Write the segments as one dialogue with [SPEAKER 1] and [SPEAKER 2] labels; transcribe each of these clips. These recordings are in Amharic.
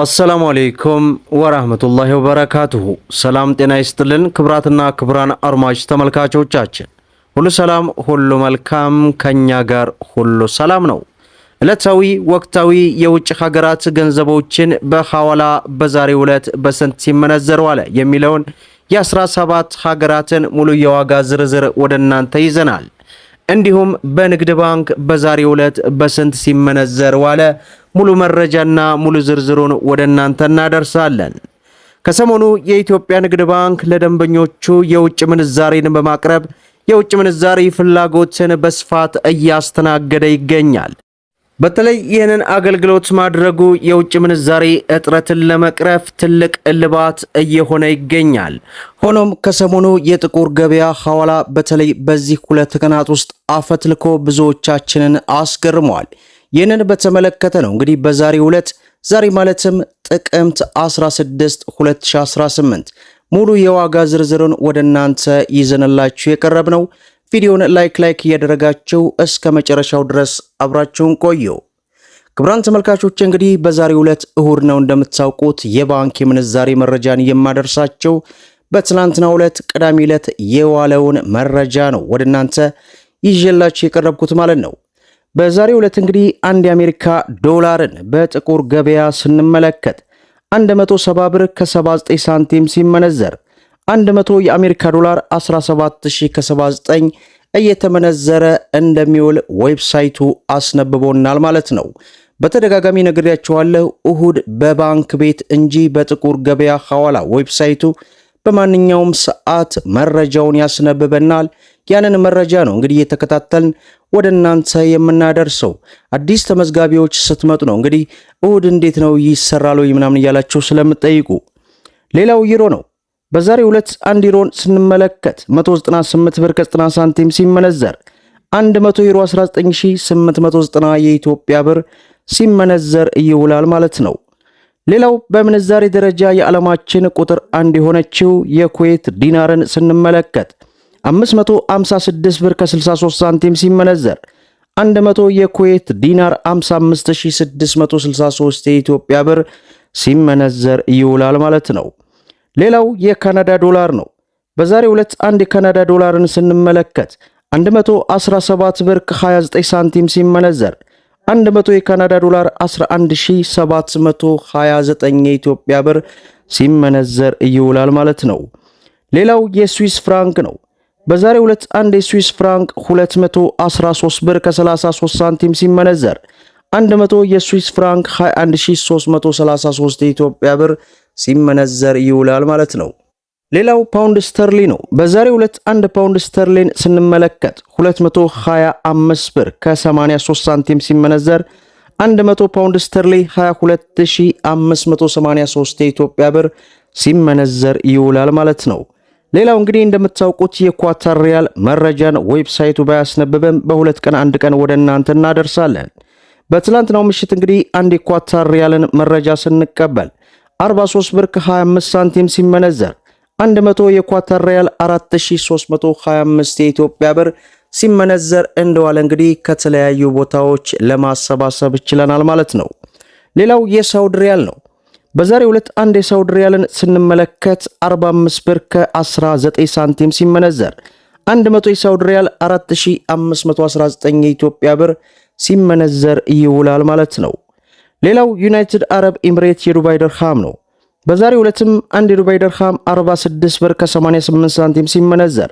[SPEAKER 1] አሰላሙ አሌይኩም ወራህመቱላሂ ወበረካቱሁ። ሰላም ጤና ይስጥልን ክብራትና ክብራን አድማጭ ተመልካቾቻችን ሁሉ ሰላም ሁሉ መልካም፣ ከኛ ጋር ሁሉ ሰላም ነው። ዕለታዊ ወቅታዊ የውጭ ሀገራት ገንዘቦችን በሐዋላ በዛሬው ዕለት በስንት ሲመነዘሩ አለ የሚለውን የ17 ሀገራትን ሙሉ የዋጋ ዝርዝር ወደ እናንተ ይዘናል። እንዲሁም በንግድ ባንክ በዛሬው ዕለት በስንት ሲመነዘር ዋለ ሙሉ መረጃና ሙሉ ዝርዝሩን ወደ እናንተ እናደርሳለን። ከሰሞኑ የኢትዮጵያ ንግድ ባንክ ለደንበኞቹ የውጭ ምንዛሬን በማቅረብ የውጭ ምንዛሪ ፍላጎትን በስፋት እያስተናገደ ይገኛል። በተለይ ይህንን አገልግሎት ማድረጉ የውጭ ምንዛሬ እጥረትን ለመቅረፍ ትልቅ እልባት እየሆነ ይገኛል። ሆኖም ከሰሞኑ የጥቁር ገበያ ሐዋላ በተለይ በዚህ ሁለት ቀናት ውስጥ አፈትልኮ ብዙዎቻችንን አስገርሟል። ይህንን በተመለከተ ነው እንግዲህ በዛሬው ዕለት ዛሬ ማለትም ጥቅምት 16 2018 ሙሉ የዋጋ ዝርዝሩን ወደ እናንተ ይዘንላችሁ የቀረብ ነው። ቪዲዮውን ላይክ ላይክ እያደረጋችሁ እስከ መጨረሻው ድረስ አብራችሁን ቆዩ። ክቡራን ተመልካቾች እንግዲህ በዛሬ ዕለት እሁድ ነው እንደምታውቁት የባንክ የምንዛሬ መረጃን የማደርሳቸው በትናንትናው ዕለት ቅዳሜ ዕለት የዋለውን መረጃ ነው ወደ እናንተ ይዤላችሁ የቀረብኩት ማለት ነው። በዛሬው ዕለት እንግዲህ አንድ የአሜሪካ ዶላርን በጥቁር ገበያ ስንመለከት 170 ብር ከ79 ሳንቲም ሲመነዘር 100 የአሜሪካ ዶላር 17000 79 እየተመነዘረ እንደሚውል ዌብሳይቱ አስነብቦናል ማለት ነው። በተደጋጋሚ ነግሬያችኋለሁ። እሁድ በባንክ ቤት እንጂ በጥቁር ገበያ ሐዋላ ዌብሳይቱ በማንኛውም ሰዓት መረጃውን ያስነብበናል። ያንን መረጃ ነው እንግዲህ እየተከታተልን ወደ እናንተ የምናደርሰው። አዲስ ተመዝጋቢዎች ስትመጡ ነው እንግዲህ እሁድ እንዴት ነው ይሰራል ወይ ምናምን እያላችሁ ስለምጠይቁ። ሌላው ዩሮ ነው። በዛሬ ሁለት አንድ ዩሮን ስንመለከት 198 ብር ከ90 ሳንቲም ሲመነዘር 100 ዩሮ 19890 የኢትዮጵያ ብር ሲመነዘር ይውላል ማለት ነው። ሌላው በምንዛሬ ደረጃ የዓለማችን ቁጥር አንድ የሆነችው የኩዌት ዲናርን ስንመለከት 556 ብር ከ63 ሳንቲም ሲመነዘር 100 የኩዌት ዲናር 55663 የኢትዮጵያ ብር ሲመነዘር ይውላል ማለት ነው። ሌላው የካናዳ ዶላር ነው። በዛሬው ዕለት አንድ የካናዳ ዶላርን ስንመለከት 117 ብር ከ29 ሳንቲም ሲመነዘር 100 የካናዳ ዶላር 11729 የኢትዮጵያ ብር ሲመነዘር ይውላል ማለት ነው። ሌላው የስዊስ ፍራንክ ነው። በዛሬው ዕለት አንድ የስዊስ ፍራንክ 213 ብር ከ33 ሳንቲም ሲመነዘር 100 የስዊስ ፍራንክ 21333 የኢትዮጵያ ብር ሲመነዘር ይውላል ማለት ነው። ሌላው ፓውንድ ስተርሊ ነው። በዛሬው ዕለት አንድ ፓውንድ ስተርሊን ስንመለከት 225 ብር ከ83 ሳንቲም ሲመነዘር 100 ፓውንድ ስተርሊ 22583 የኢትዮጵያ ብር ሲመነዘር ይውላል ማለት ነው። ሌላው እንግዲህ እንደምታውቁት የኳታር ሪያል መረጃን ዌብሳይቱ ባያስነብበን በሁለት ቀን አንድ ቀን ወደ እናንተ እናደርሳለን። በትላንትናው ምሽት እንግዲህ አንድ የኳታር ሪያልን መረጃ ስንቀበል 43 ብር ከ25 ሳንቲም ሲመነዘር 100 የኳተር ሪያል 4325 የኢትዮጵያ ብር ሲመነዘር እንደዋለ እንግዲህ ከተለያዩ ቦታዎች ለማሰባሰብ ችለናል ማለት ነው። ሌላው የሳውዲ ሪያል ነው። በዛሬ ሁለት አንድ የሳውዲ ሪያልን ስንመለከት 45 ብር ከ19 ሳንቲም ሲመነዘር 100 የሳውዲ ሪያል 4519 የኢትዮጵያ ብር ሲመነዘር ይውላል ማለት ነው። ሌላው ዩናይትድ አረብ ኤምሬት የዱባይ ድርሃም ነው። በዛሬ ዕለትም አንድ የዱባይ ድርሃም 46 ብር ከ88 ሳንቲም ሲመነዘር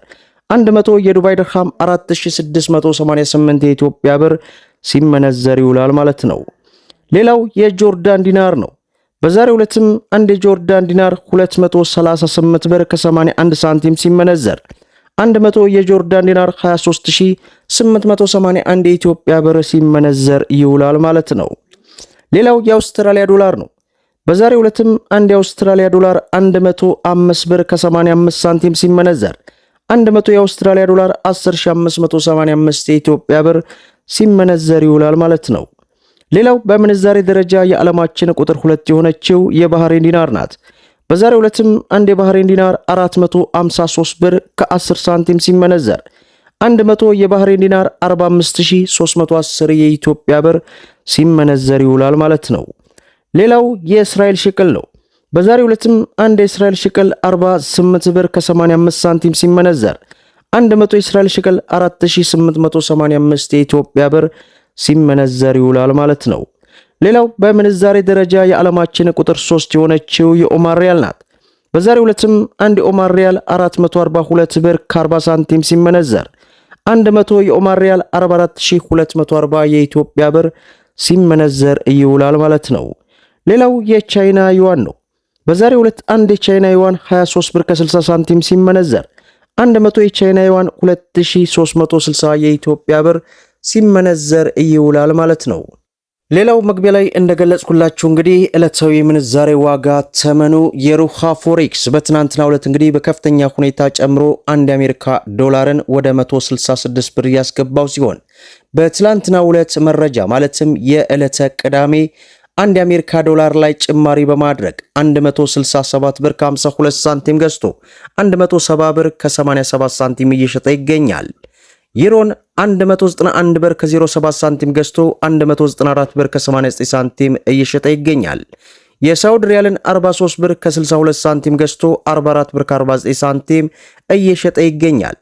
[SPEAKER 1] 100 የዱባይ ድርሃም 4688 የኢትዮጵያ ብር ሲመነዘር ይውላል ማለት ነው። ሌላው የጆርዳን ዲናር ነው። በዛሬ ዕለትም አንድ የጆርዳን ዲናር 238 ብር ከ81 ሳንቲም ሲመነዘር 100 የጆርዳን ዲናር 23881 የኢትዮጵያ ብር ሲመነዘር ይውላል ማለት ነው። ሌላው የአውስትራሊያ ዶላር ነው። በዛሬው ዕለትም አንድ የአውስትራሊያ ዶላር 105 ብር ከ85 ሳንቲም ሲመነዘር 100 የአውስትራሊያ ዶላር 10585 የኢትዮጵያ ብር ሲመነዘር ይውላል ማለት ነው። ሌላው በምንዛሬ ደረጃ የዓለማችን ቁጥር ሁለት የሆነችው የባህሬን ዲናር ናት። በዛሬው ዕለትም አንድ የባህሬን ዲናር 453 ብር ከ10 ሳንቲም ሲመነዘር 100 የባህሬን ዲናር 45310 የኢትዮጵያ ብር ሲመነዘር ይውላል ማለት ነው። ሌላው የእስራኤል ሽቅል ነው። በዛሬ ዕለትም አንድ የእስራኤል ሽቅል 48 ብር ከ85 ሳንቲም ሲመነዘር 100 የእስራኤል ሽቅል 4885 የኢትዮጵያ ብር ሲመነዘር ይውላል ማለት ነው። ሌላው በምንዛሬ ደረጃ የዓለማችን ቁጥር 3 የሆነችው የኦማር ሪያል ናት። በዛሬ ዕለትም አንድ የኦማር ሪያል 442 ብር ከ40 ሳንቲም ሲመነዘር 100 የኦማር ሪያል 44240 የኢትዮጵያ ብር ሲመነዘር ይውላል ማለት ነው። ሌላው የቻይና ዩዋን ነው። በዛሬው ዕለት አንድ የቻይና ዩዋን 23 ብር ከ60 ሳንቲም ሲመነዘር 100 የቻይና ዩዋን 2360 የኢትዮጵያ ብር ሲመነዘር ይውላል ማለት ነው። ሌላው መግቢያ ላይ እንደገለጽኩላችሁ እንግዲህ ዕለታዊ ምንዛሬ ዋጋ ተመኑ የሩሃ ፎሬክስ በትናንትናው ዕለት እንግዲህ በከፍተኛ ሁኔታ ጨምሮ አንድ የአሜሪካ ዶላርን ወደ 166 ብር ያስገባው ሲሆን በትላንትናው ዕለት መረጃ ማለትም የዕለተ ቅዳሜ አንድ የአሜሪካ ዶላር ላይ ጭማሪ በማድረግ 167 ብር ከ52 ሳንቲም ገዝቶ 170 ብር ከ87 ሳንቲም እየሸጠ ይገኛል። ዩሮን 191 ብር ከ07 ሳንቲም ገዝቶ 194 ብር ከ89 ሳንቲም እየሸጠ ይገኛል። የሳውድ ሪያልን 43 ብር ከ62 ሳንቲም ገዝቶ 44 ብር ከ49 ሳንቲም እየሸጠ ይገኛል።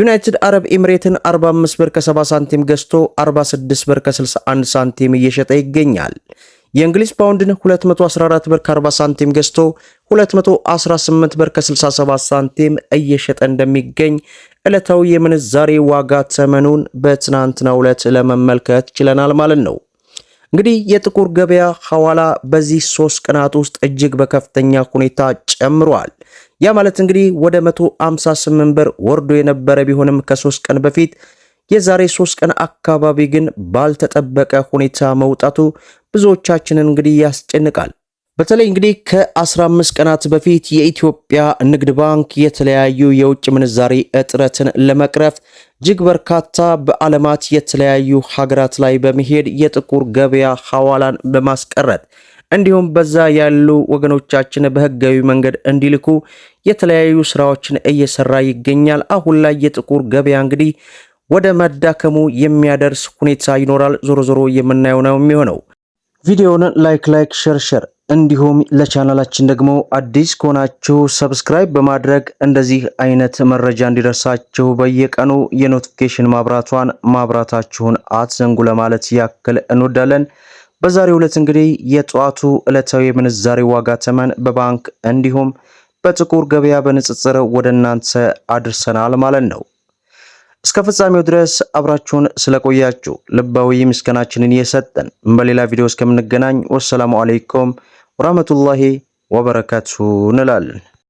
[SPEAKER 1] ዩናይትድ አረብ ኤምሬትን 45 ብር ከ70 ሳንቲም ገዝቶ 46 ብር ከ61 ሳንቲም እየሸጠ ይገኛል። የእንግሊዝ ፓውንድን 214 ብር ከ40 ሳንቲም ገዝቶ 218 ብር ከ67 ሳንቲም እየሸጠ እንደሚገኝ ዕለታዊ የምንዛሬ ዋጋ ተመኑን በትናንትናው ዕለት ለመመልከት ችለናል ማለት ነው። እንግዲህ የጥቁር ገበያ ሐዋላ በዚህ ሶስት ቀናት ውስጥ እጅግ በከፍተኛ ሁኔታ ጨምሯል። ያ ማለት እንግዲህ ወደ 158 ብር ወርዶ የነበረ ቢሆንም ከሶስት ቀን በፊት የዛሬ ሶስት ቀን አካባቢ ግን ባልተጠበቀ ሁኔታ መውጣቱ ብዙዎቻችንን እንግዲህ ያስጨንቃል። በተለይ እንግዲህ ከ15 ቀናት በፊት የኢትዮጵያ ንግድ ባንክ የተለያዩ የውጭ ምንዛሬ እጥረትን ለመቅረፍ እጅግ በርካታ በዓለማት የተለያዩ ሀገራት ላይ በመሄድ የጥቁር ገበያ ሐዋላን በማስቀረት እንዲሁም በዛ ያሉ ወገኖቻችን በህጋዊ መንገድ እንዲልኩ የተለያዩ ስራዎችን እየሰራ ይገኛል። አሁን ላይ የጥቁር ገበያ እንግዲህ ወደ መዳከሙ የሚያደርስ ሁኔታ ይኖራል። ዞሮ ዞሮ የምናየው ነው የሚሆነው። ቪዲዮውን ላይክ ላይክ ሸር ሸር እንዲሁም ለቻናላችን ደግሞ አዲስ ከሆናችሁ ሰብስክራይብ በማድረግ እንደዚህ አይነት መረጃ እንዲደርሳችሁ በየቀኑ የኖቲፊኬሽን ማብራቷን ማብራታችሁን አትዘንጉ ለማለት ያክል እንወዳለን። በዛሬው ዕለት እንግዲህ የጠዋቱ ዕለታዊ የምንዛሬ ዋጋ ተመን በባንክ እንዲሁም በጥቁር ገበያ በንጽጽር ወደ እናንተ አድርሰናል ማለት ነው። እስከ ፍጻሜው ድረስ አብራችሁን ስለቆያችሁ ልባዊ ምስጋናችንን እየሰጠን በሌላ ቪዲዮ እስከምንገናኝ ወሰላሙ አለይኩም ወራህመቱላሂ ወበረካቱ እንላለን።